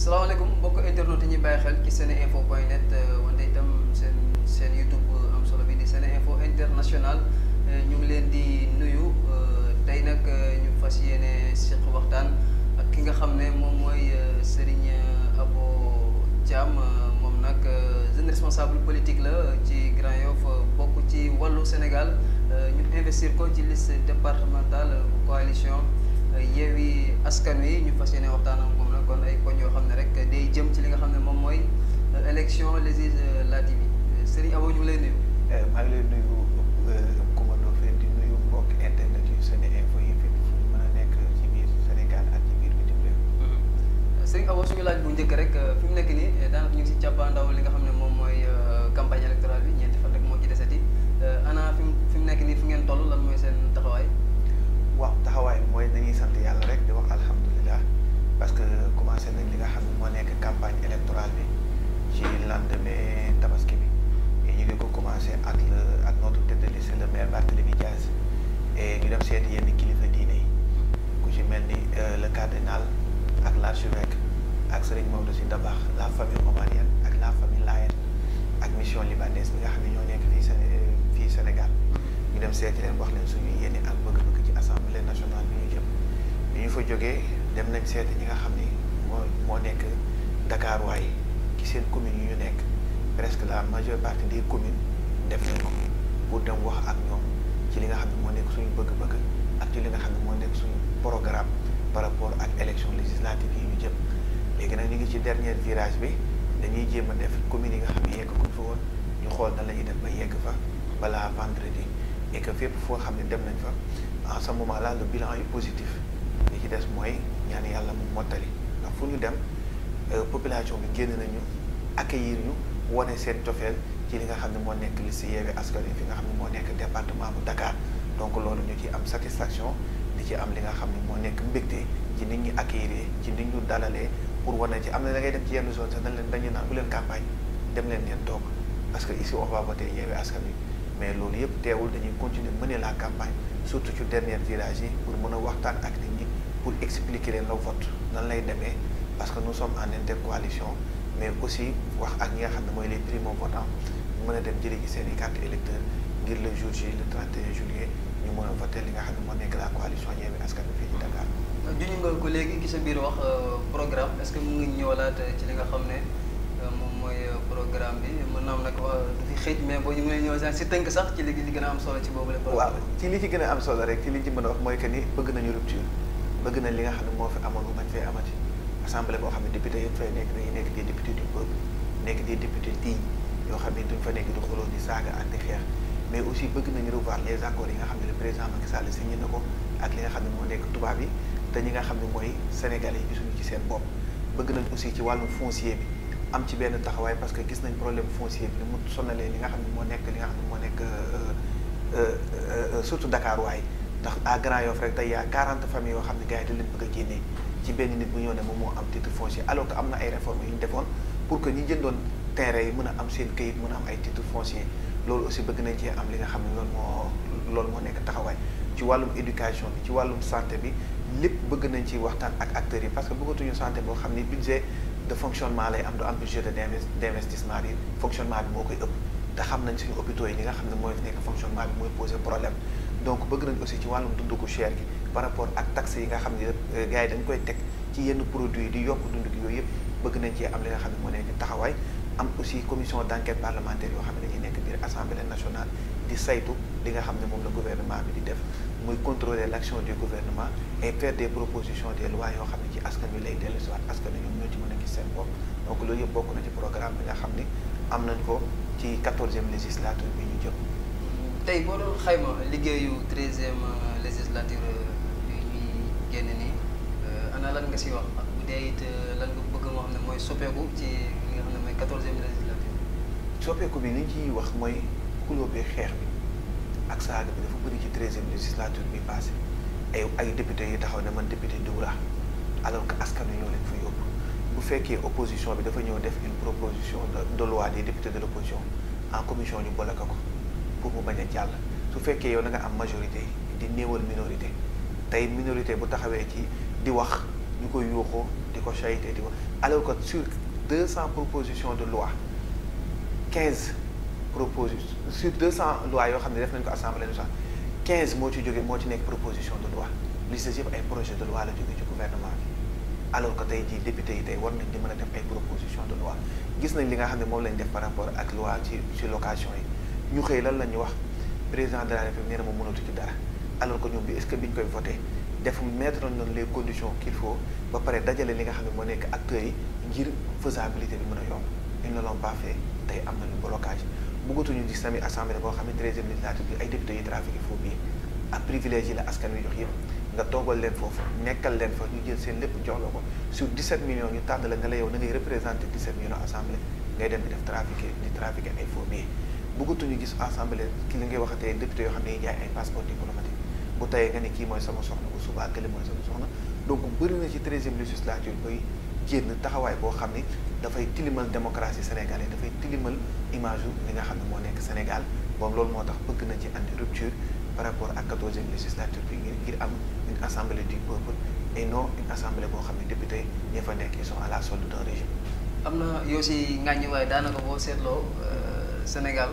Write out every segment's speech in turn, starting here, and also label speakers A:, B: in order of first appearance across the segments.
A: salaamaaleykum mbokk internet yi ñuy bàyyi xel ci sene info point net euh, wante itam seen seen youtube am solo bi di sene info international euh, ñu ngi leen di nuyu euh, tey nag ñu fas yéene seq waxtaan ak ki nga xam ne moom mooy Serigne Abo Thiam moom nag jeune responsable politique la ci Grand Yoff bokk ci wàllu Sénégal ñu investir ko ci liste départementale coalition Yewwi Askan Wi ñu fas yéene waxtaan ak kon ay koñ yoo xam ne rek day jëm ci li nga xam ne moom mooy euh, élection législative yi euh, euh, Serigne Abo ñu ngi lay nuyu. Eh, maa ngi nuyu Coumba Ndoffène di nuyu mbokk internet yu Sene Info yi fépp
B: nekk ci biir Sénégal ak ci biir bitim réew. Mm-hmm.
A: Serigne bu njëkk rek fi mu nekk nii daanaka ñu si cappaandaw li nga xam ne moom mooy campagne électorale bi ñeenti fan rek moo ci desati ana fi mu fi mu nekk nii fi ngeen toll lan mooy seen taxawaay. waaw taxawaay mooy dañuy sant yàlla rek di wax alhamdulilah. parce que commencé
B: nañ li nga xam ne moo nekk campagne électorale bi ci lendemain tabaski bi et ñu ngi ko commencé ak le ak notre tête de liste le maire Barthélémy Diaz ñu dem seeti yenn kilifa diine yi ku ci mel ni euh, le cardinal ak l'archevêque ak Serigne Maodo Sy Dabakh la famille omarienne ak la famille Layène ak mission libanaise bi nga xam ne ñoo nekk fii fii Sénégal ñu dem seeti leen wax leen suñu yéene ak bëgg-bëgg ci assemblée nationale bi ñu jëm bi ñu fa jógee dem nañ seeti ñi nga xam ni moo moo nekk Dakar waaye ci seen commune yu ñu nekk presque la majeure partie des commune def nañ ko dem wax ak ñoom ci li nga xam ne moo nekk suñu bëgg-bëgg ak ci li nga xam ne moo nekk suñu programme par rapport ak élection législative yi ñu jëm léegi nag ñu ngi ci dernier virage bi dañuy jéem a def communes yi nga xam ne yegg ko ñu xool nan la def ba yegg fa balaa vendredi et que fépp foo xam ne dem nañ fa en ce moment positif li ci des mooy ñaan yàlla mu mottali ndax fu ñu dem euh, population bi génn nañu accueillir ñu wane seen cofeel ci li nga xam ne moo nekk li si yeewee askan wi nga xam ne moo nekk département bu Dakar donc loolu ñu ci am satisfaction di ci am li nga xam ne moo nekk mbégte ci nit ñi accueillir ci nit ñu dalalee pour wane ci am na da ngay dem ci yenn zone sax dañ leen dañu naan bu leen campagne dem leen ngeen toog parce que ici on va voter yeewee askan wi mais loolu yëpp teewul dañuy continuer mënee la campagne surtout ci dernier village yi pour mën a waxtaan ak pour expliquer leen le vote nan lay demee parce que nous sommes en intercoalition mais aussi wax ak ñi nga xam ne mooy les primo a dem le J le 31 juillet a voter li nga xam ne moo
A: nekk euh, programme que mu ngi ñëwalaat ci euh, mooy euh, programme bi mën naa am nag du fi xëj mais boo ñu mënee ñëw sax si tënk sax ci li gën a am solo ci boobu la.
B: waaw ci li ci gën a am solo rek ci li ci mën a wax mooy que ni bëgg nañu rupture. bëgg na li nga xam ne moo fi amoon mu bañ fee amati assemblée boo xam ne député yëpp fay nekk dañuy nekk des députés du peuple nekk des députés dignes yoo xam ne duñ fa nekk di xuloo di saaga ak xeex mais aussi bëgg nañu revoir les accords yi nga xam ne le président Macky Sall signé ne ko ak li nga xam ne moo nekk tubaab yi te ñi nga xam ne mooy sénégalais yi gisuñu ci seen bopp bëgg nañ aussi ci wàllu foncier bi am ci benn taxawaay parce que gis nañ problème foncier bi ni mu sonalee li nga xam ne moo nekk li moo nekk euh, euh, euh, surtout Dakar waaye ndax à Grand Yoff rek tey y' quarante familles yoo xam ne gars yi da leen bëgg a génnee ci benn nit bu ñëw ne moom moo am titre foncier alors que am na ay réformes yu ñu defoon pour que ñi jëndoon terrain yi mën a am seen këyit mën a am ay titre foncier loolu aussi bëgg nañ cee am li nga xam ne loolu moo loolu moo nekk taxawaay ci wàllum éducation bi ci wàllum santé bi lépp bëgg nañ ci waxtaan ak acteurs yi parce que bëggatuñu santé boo xam ne budget de fonctionnement lay am du am budget de d' investissement xam nañ suñu hôpitaux yi nga xam ne mooy nekk fonctionnement bi mooy poser donc bëgg nañ aussi ci wàllum dund gu cher gi par rapport ak taxes yi nga xam ne euh, gars yi dañ koy teg ci yenn produits yi di yokk dund gi yooyu yëpp bëgg nañ cee am li nga xam ne moo nekk taxawaay am xam ne nekk biir assemblée nationale di saytu li moom la gouvernement bi di def muy contrôler l' action du gouvernement et faire des propositions yoo xam ne ci askan wi lay dellusiwaat askan wi ñoom ñoo ci mën a gis seen bopp donc loolu yëpp bokk na ci programme bi nga xam ne am nañ ko ci quatorzième législature bi ñu
A: jëm tey boo xayma liggéeyu treizième euh, législature euh, bi ñuy génn nii euh, ana lan nga si wax ak bu dee it lan nga bëgg moo xam ne mooy soppeeku ci li nga xam mooy quatorzième législature.
B: soppeeku bi li ñu ciy wax mooy xuloo bi xeex bi ak saaga bi dafa bëri ci treizième législature bi passé ay député yi taxaw ne man député Dioura alors que askan wi ñoo leen fa yóbbu bu fekkee opposition bi dafa ñëw def une proposition de loi des députés de l' opposition en commission ñu boole ko. pour mu bañ a jàll su fekkee yow da nga am majorité di néewal minorité tey minorité bu taxawee ci di wax ñu koy yuuxoo di ko chayité di ko alors que sur deux cent propositions de loi quinze propositions sur deux cent lois yoo xam ne def nañ ko assemblée nationale quinze moo ci jóge moo ci nekk proposition de loi li si yëpp ay projet de loi la jóge ci gouvernement bi alors que tey jii député yi tey war nañ di mën a def ay proposition de loi gis nañ li nga ñu xëy lan la ñu wax président de la République nee na moom mënatu ci alors que ñoom bi est-ce que koy voté def mettre nañ leen les conditions qu'il faut ba pare dajale nga xam ne moo nekk acteurs yi ngir bi mën a yomb ils ne l'ont pas fait tey am nañu blocage bëggatuñu gis tamit assemblée boo xam ne treizième législative bi ay député yi trafiqué foofu bii ak la askan wi jox yëpp leen foofu nekkal leen fa ñu jël seen lépp jox la ko sur ñu tànn la la yow na représenté 17 millions assemblée ngay dem def trafiqué di trafiqué ay faux bëggatuñu gis assemblée ki li ngay waxatee député yoo xam ne jaay ay passeport diplomatique bu tayee nga ne kii mooy sama soxna bu subaa kële mooy sama soxna donc bëri na ci treizième législature koy génn taxawaay boo xam ne dafay tilimal démocratie sénégalaise dafay tilimal image yu li nga xam ne moo nekk Sénégal moom loolu moo tax bëgg na ci andi rupture par rapport ak quatorzième législature bi ngir
A: ngir am une assemblée du peuple et non une la solde d'un régime. am na Sénégal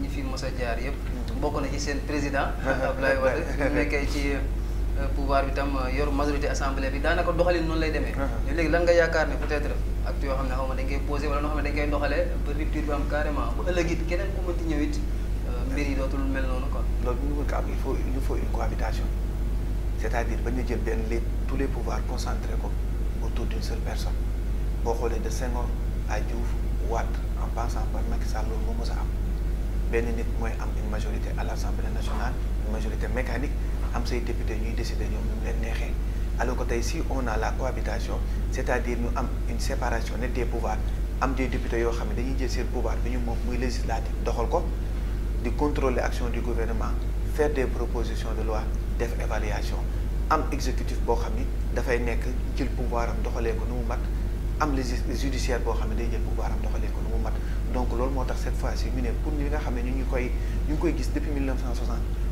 A: ñi fi mos a jaar yëpp. bokk na ci seen président. Abdoulaye Wade bu nekkee ci euh, pouvoir bi tam euh, yor majorité assemblée bi daanaka doxalin noonu lay demee. Uh-huh. léegi lan nga yaakaar ne peut-être acte yoo xam ne xaw ma dañ koy noo xam ne dañ koy ba rupture bi am carrément bu ëllëg it keneen ku mënti ñëw it euh, mbir yi dootul mel noonu quoi. loolu bu ñu ko am il faut il faut une cohabitation
B: c'est-à-dire ba ñu jël benn les tous les pouvoirs concentrés ko autour d'une seule personne boo xoolee de Senghor à Diouf Wade. en passant par Macky Sall loolu moo mës a am benn nit mooy am une majorité à l'Assemblée nationale une majorité mécanique am say député ñuy décider ñoom ñu leen neexee alors que tey si on a la cohabitation c'est-à-dire ñu am une séparation nette des pouvoirs am des députés yoo xam ne dañuy jël seen pouvoir bi ñu moom muy législatif doxal ko di contrôler action du gouvernement faire des proposition de loi def évaluation am exécutif boo xam ni dafay nekk jël pouvoir am doxalee ko nu mu mat am légis judiciaire xam ne day jël pouvoir donc loolu moo tax cette fois-ci ñu ne pour ñi nga xam ne ñu ngi koy ñu ngi koy gis depuis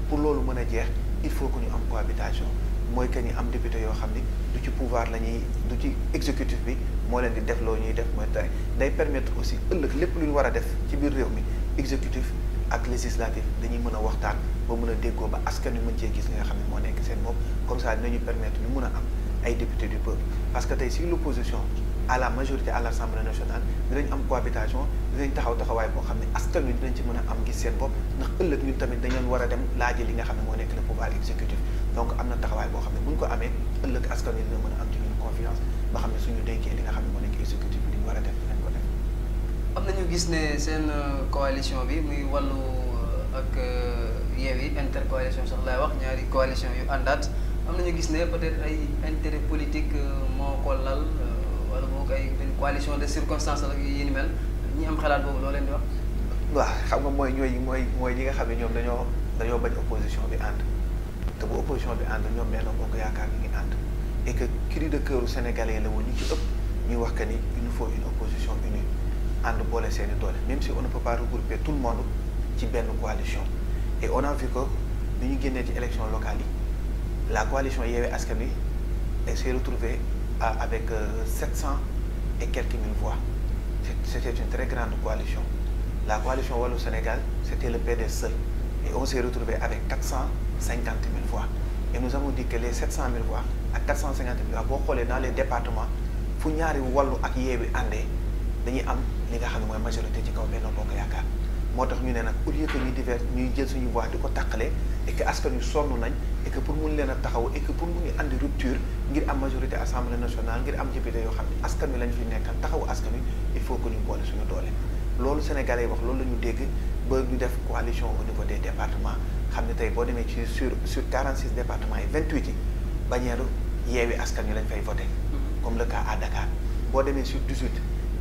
B: pour loolu mën a jeex il faut que ñu am cohabitation mooy que ñu am député yoo xam ni du ci pouvoir la ñuy du ci exécutif bi moo leen di def loo ñuy def mooy tey day permettre aussi ëllëg lépp lu ñu war a def ci biir réew mi exécutif ak législatif dañuy mën a waxtaan ba mën a déggoo ba askan wi mën cee gis li nga xam ne moo nekk seen bopp comme ça dinañu permettre ñu mën a am ay député du que tey si l'opposition à la majorité à l' assemblée nationale dinañ am cohabitation dinañ taxaw taxawaay boo xam ne askan wi dinañ ci mën a am gis seen bopp ndax ëllëg ñun tamit dañu war a dem laaji li nga xam ne moo nekk le pouvoir exécutif donc am na taxawaay boo xam ne buñ ko amee ëllëg askan wi dina mën a am ci ñun confiance ba xam ne suñu dénkee li nga xam ne moo nekk exécutif bi liñ war a def dinañ ko
A: def. gis ne seen euh, coalition bi muy wàllu euh, ak euh, Yewwi intercoalition sax laay wax ñaari coalition yu àndaat am nañu gis ne peut-être ay intérêt moo ko lal. donc ay benn coalition de circonstances ak yi ni mel ñi am xalaat boobu loo leen di waaw xam nga mooy ñooy mooy mooy ñi nga xam ne ñoom dañoo dañoo bañ opposition bi ànd te bu opposition
B: bi ànd ñoom nee na yaakaar ñu ngi ànd et que cri de cœur sénégalais la woon ñu ci ëpp wax que ni il faut une opposition unie ànd boole seeni doole même si on ne peut tout le monde ci benn coalition. et on a vu que ñu génnee ci élection local yi la coalition Yewwi Askan Wi s'est retrouvée avec 700. Euh, et quelques mille voix c'était une très grande coalition la coalition Wallu Sénégal c'était le PDS seul i on s'est retrouvé avec 450 000 voix et nous avons dit que les 700 000 voix ak 450 000 voix boo xoolee dans le départements fu ñaari Wallu ak Yewwi àndee dañuy am li nga xam ne mooy majorité ci kaw Benno Bokk Yaakaar moo tax ñu ne nag au lieu que ñuy divers ñuy jël suñu voix di ko tàqale et que askan yu sonn nañ et que pour mun leen a taxaw et que pour mu ngi andi rupture ngir am majorité assemblée nationale ngir am député yoo xam ne askan wi lañ fi nekkal taxaw askan wi il faut que ñu boole suñu doole. loolu sénégalais yi wax loolu lañu dégg ba ñu def coalition au niveau des xam ne tey boo demee ci sur sur 46 départements yi 28 yi bañeeru yeewi askan wi lañ fay voté. Mm-hmm. comme le boo demee sur 18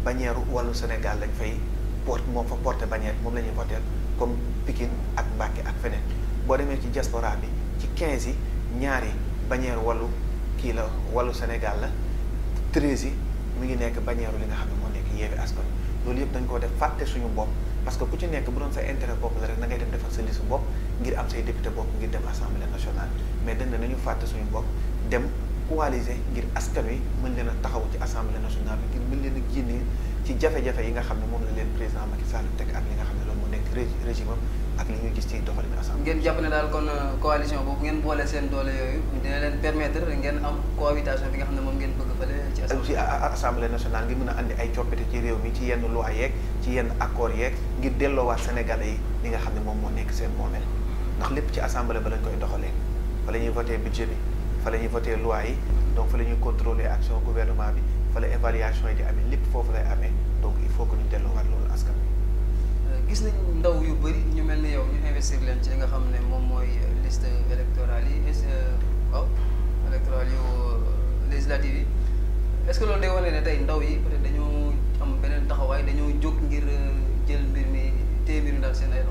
B: bañeeru wàllu Sénégal lañ fay. porte moom fa porte bannière moom la ñuy voteel comme Pikine ak Mbacké ak feneen boo demee ci diaspora bi ci 15 yi ñaari bañeer wallu kii la wàllu Sénégal la 13 yi mu ngi nekk bannière li nga xam ne moo nekk Yewwi Askan loolu yëpp dañ ko def fàtte suñu bopp parce que ku ci nekk bu doon sa intérêt bopp la rek na ngay dem defal sa liste bopp ngir am say député bopp ngir dem assemblée nationale mais dañ ne nañu fàtte suñu bopp dem coaliser ngir askan wi leen a taxaw ci assemblée nationale ngir mën leen a génnee ci jafe-jafe yi nga xam ne moom la leen président Macky Sall teg ak li nga xam ne loolu moo nekk régime ak li ñuy gis ci doxalin assemblée.
A: ngeen jàpp ne daal kon euh, coalition boobu ngeen boole seen doole yooyu dina leen permettre ngeen am cohabitation bi nga xam ne moom ngeen bëgg fële ci assemblée. assemblée
B: nationale ngir mën a andi ay coppite ci réew mi ci yenn loi yeeg ci yenn accord yeeg ngir delloowaat Sénégalais yi li nga xam ne moom moo nekk seen moomeel ndax lépp ci assemblée ba lañ koy doxalee fa la ñuy voté la ñuy voté loi yi donc fa la ñuy contrôler action bi fa la évaluation yi di amee lépp foofu lay amee donc il faut que ñu delluwaat loolu askan bi
A: euh, gis nañ ndaw yu bëri ñu mel ni yow ñu investir leen ci li nga xam ne moom mooy liste électorale yi est waaw électorale yu euh, législative yi est loolu day wane ne tey ndaw yi peut être dañoo am beneen taxawaay dañoo jóg ngir euh, jël mbir mi téye mbir mi daal seen ay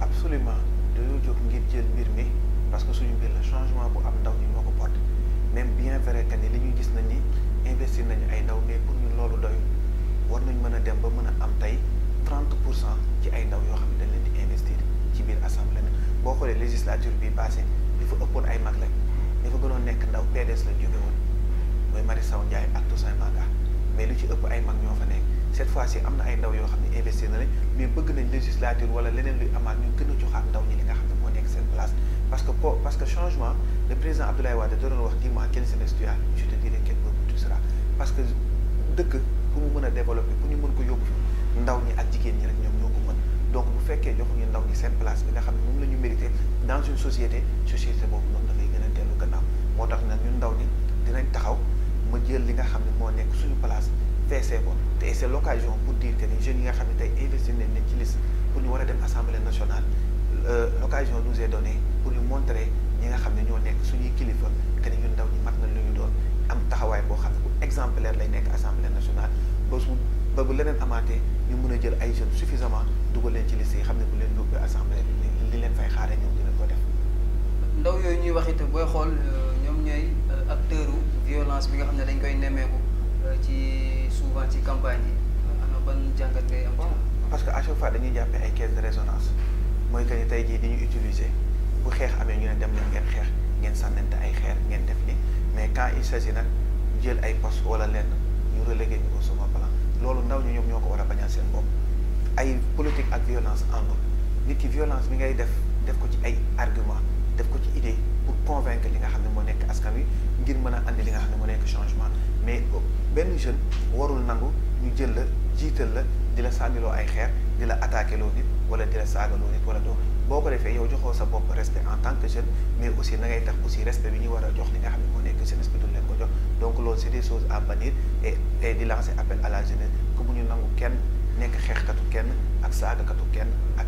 B: absolument dañoo jóg ngir jël mbir mi parce que suñu mbir la changement bu am ndaw ñi moo ko porte même bien vrai que ni li ñu gis nañ ni investir nañu ay ndaw mais pour ñun loolu doyul war nañ mën a dem ba mën a am tey trente pour cent ci ay ndaw yoo xam ne dañ leen di investir ci biir assemblée na boo xoolee législature bi passé li fa ëppoon ay mag lañ li fa gënoon nekk ndaw PDS lañ jóge woon mooy Marie Saw Ndiaye ak Toussaint am na ay ndaw yoo xam ne investir na lañ mais bëgg nañ législature wala leneen luy amaat ñu gën a joxaat ndaw ñi li nga xam ne moo nekk seen place parce que po parce parce que dëkk pour mu mën a développer pour ñu mën ko yóbbu ndaw ñi ak jigéen ñi rek ñoom ñoo ko mën donc bu fekkee joxuñu ndaw ñi seen place bi nga xam ne moom la ñu mérité dans une société société boobu noonu dafay gën a dellu gannaaw moo tax nag ñu ndaw ñi dinañ taxaw ma jël li nga xam ne moo nekk suñu place feesee ko te c'est l'occasion pour dire que ni jeunes yi nga xam ne tey investir nañ leen ci liste pour ñu war a dem assemblée nationale euh, l'occasion nous est donnée pour ñi nga xam ne ñoo nekk suñuy kilifa que ni ñun ndaw ñi na taxawaay boo xam ne bu exemplaire lay nekk assemblée nationale ba su ba bu leneen amaatee ñu mun a jël ay jeunes suffisamment dugal leen ci liste yi xam ne bu leen yóbbee assemblée li leen fay xaaree ñoom dina ko def.
A: ndaw yooyu ñuy wax it booy xool euh, ñoom ñooy euh, ak u violence bi nga xam ne dañ koy nemmeeku euh, ci souvent ci campagne yi ana ban jàngat ngay
B: parce que à chaque fois dañuy jàppee ay caisse de résonance mooy que tey jii di ñu utiliser bu xeex amee ñu ne dem leen ngeen xeex. ngeen sànnante ay xeer ngeen def nii mais quand il s'agit nag jël ay post wala lenn ñu relégué ñu ko sama plan loolu ndaw ñu ñoom ñoo ko war a bañal seen bopp ay politique ak violence àndul nit ki violence bi ngay def def ko ci ay argument def ko ci idée pour convaincre li nga xam ne moo nekk askan wi ngir mën a andi li nga xam ne moo nekk changement mais benn jeune warul nangu ñu jël la jiital la di la sànniloo ay xeer di la attaqué loo nit wala di la saagaloo nit wala doo ko defee yow joxoo sa bopp respect en tant que jeune mais aussi na ngay tax aussi respect bi ñu war a jox li nga xam ne di lancer appel à la jeunesse que bu nangu kenn nekk xeexkatu kenn ak saagakatu kenn ak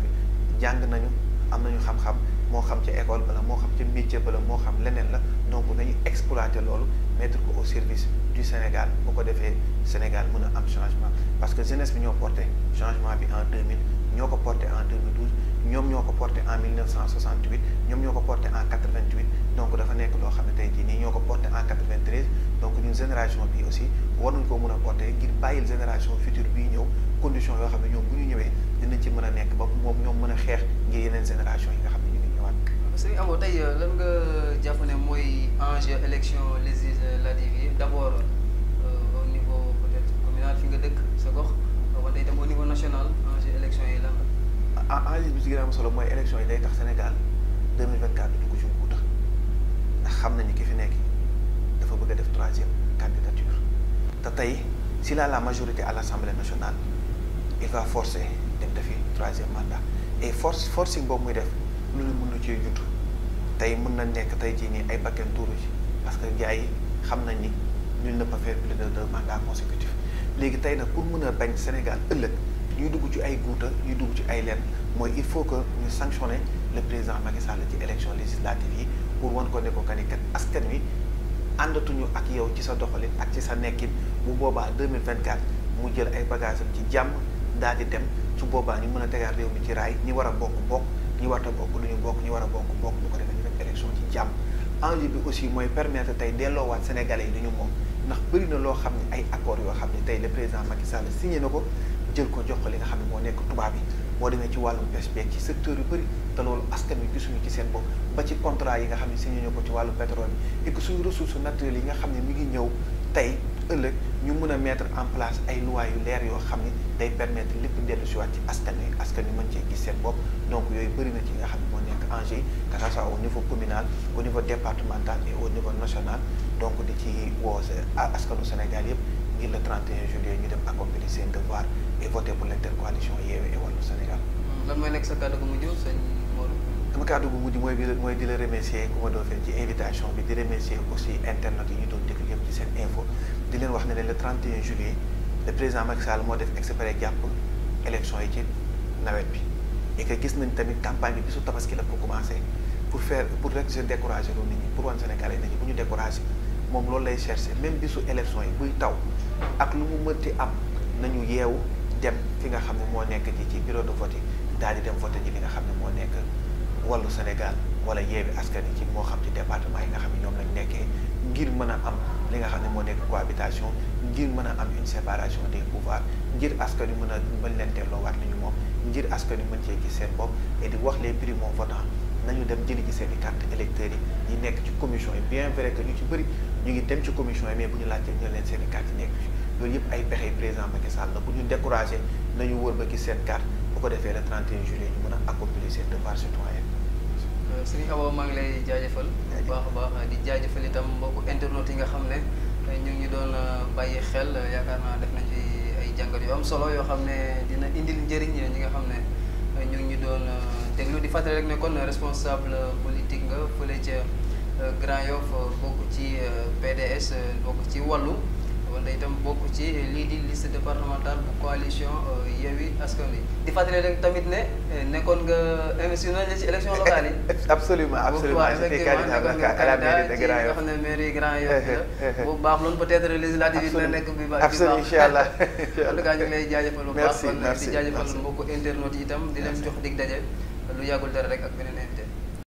B: jàng nañu am nañu xam-xam moo xam ci école bala moo xam ci métier bala moo xam leneen la donc nañu exploiter loolu mettre ko au service du Sénégal bu ko defee Sénégal mën a am changement parce que jeunesse bi ñoo porté changement bi en 2000 ñoo ko porté en 2012 ñoom ñoo ko porté en 1968 ñoom ñoo ko porté en 88 donc dafa nekk loo xam ne tey jii nii ñoo ko porté en 93 donc ñun génération bi aussi war nañ koo mën a porté ngir bàyyil génération future bii ñëw condition yoo xam ne ñoom bu ñu ñëwee dinañ ci mën a nekk ba moom ñoom mën a xeex ngir yeneen génération yi nga xam ne ñu ngi ñëwaat.
A: sëñ Abo tey euh, lan nga jàpp mooy enjeu élection législative yi d' abord euh, au niveau peut être fi nga dëkk sa gox wala tey tam au niveau national.
B: enjeu bi ci gën a am solo mooy élection yi day tax Sénégal 2024 bi dugg ci guuta ndax xam nañu ki fi nekk dafa bëgg a def troisième candidature te tey s'il a la majorité à l'Assemblée nationale il va forcer dem defi troisième mandat et force forcing boobu muy def lu ne mën na ci judd tey mën na nekk tey jii nii ay bakken tuuru ci parce que gars xam na ni ñu ne peut faire plus de deux mandats consécutifs léegi tey nag pour mun a bañ Sénégal ëllëg ñuy dugg ci ay guuta ñuy dugg ci ay lenn mooy il faut que ñu sanctionner le président Macky Sall ci élection législative yi pour wan ko ne ko kanikat askan wi àndatuñu ak yow ci sa doxalin ak ci sa nekkin bu boobaa 2024 mu jël ay bagages ci jàmm daal di dem su boobaa ni mën a tegaat réew mi ci raay ñi war a bokk bokk ñi warta bokk du ñu bokk ñi war bokk bokk bu ko defee ñu def élection ci jàmm enjeu bi aussi mooy permettre tey delloowaat sénégalais yi du moom ndax bëri na loo xam ne ay accords yoo xam ne tey le président Macky Sall signé na ko jël ko jox ko li nga xam ne moo nekk tubaab yi boo demee ci wàllu pêche beeg ci secteur yu bëri te loolu askan wi gisuñu ci seen bopp ba ci contrat yi nga xam ne signé ñu ko ci wàllu pétrole bi et que suñu ressources nga xam ne mi ngi ñëw tey ëllëg ñu mën a metre en place ay lois yu leer yoo xam ne day permettre lépp dellu si waat ci askan wi askan wi mën cee gis seen bopp donc yooyu bëri na ci nga xam ne moo nekk enjeu que ça soit au niveau communal au niveau départemental au niveau national donc di ci woo askanu Sénégal yëpp ngir le 31 juillet ñu dem accomplir seen devoir et voter pour l'intercoalition Yewwi et Wallu Sénégal.
A: lan mooy nekk sa kàddu gu
B: mujj mooy di la remercier ku ma doon ci invitation bi di remercier aussi internet yi ñu doon déglu yëpp ci seen info di leen wax ne leen le 31 juillet le président Macky Sall moo def exprès jàpp élection yi ci nawet bi et que gis nañ tamit campagne bi bisu tabaski la ko commencé pour faire pour rek se décourager loolu pour wan Sénégalais nit ñi bu ñu décourager moom loolu lay chercher même bisu élection yi buy taw. ak lu mu mënti am nañu yeewu dem fi nga xam ne moo nekk ci ci bureau de vote yi daal di dem voté ji li nga xam ne moo nekk wàllu Sénégal wala yeewi askan yi ci moo xam ci département yi nga xam ne ñoom lañu nekkee ngir mën a am li nga xam ne moo nekk cohabitation ngir mën a am une séparation des pouvoirs ngir askan wi mën a mën leen delloowaat li moom ngir askan wi mën cee gis seen bopp et di wax les primo votants nañu dem jëli ji seen i carte électeurs yi ñi nekk ci commission yi bien vrai que ñu ci bëri ñu ngi dem ci commission yi mais bu ñu laajtee ñu leen seen i carte nekk fi loolu yëpp ay pexe président Macky Sall la bu ñu découragé nañu a accomplir seen
A: euh, lay jaajëfal baax a baax di jaajëfal itam mbokku internautes yi nga xam ne euh, ñu ngi doon euh, bàyyi xel yaakaar naa def nañ ay jàngat yu solo yoo xam ne dina indil njëriñ ñi nga xam ne ñu doon déglu di fàttali rek ne kon responsable politique nga fële ca euh, Grand Yoff euh, bokk ci euh, PDS bokk ci wallu wante itam bokk ci lii di liste départementale bu coalition Yewwi Askan Wi di fàttali rek tamit ne nekkoon nga investi nañ la ci élection locale yi. absolument absolument j'étais candidat xam ne mairie Grand Yoff baax loolu peut-être législative yi dina nekk bi baax absolument incha allah en tout cas ñu ngi lay baax kon di jaajëfal mbokku internautes yi itam di leen jox dig daje lu yàggul dara rek ak beneen invité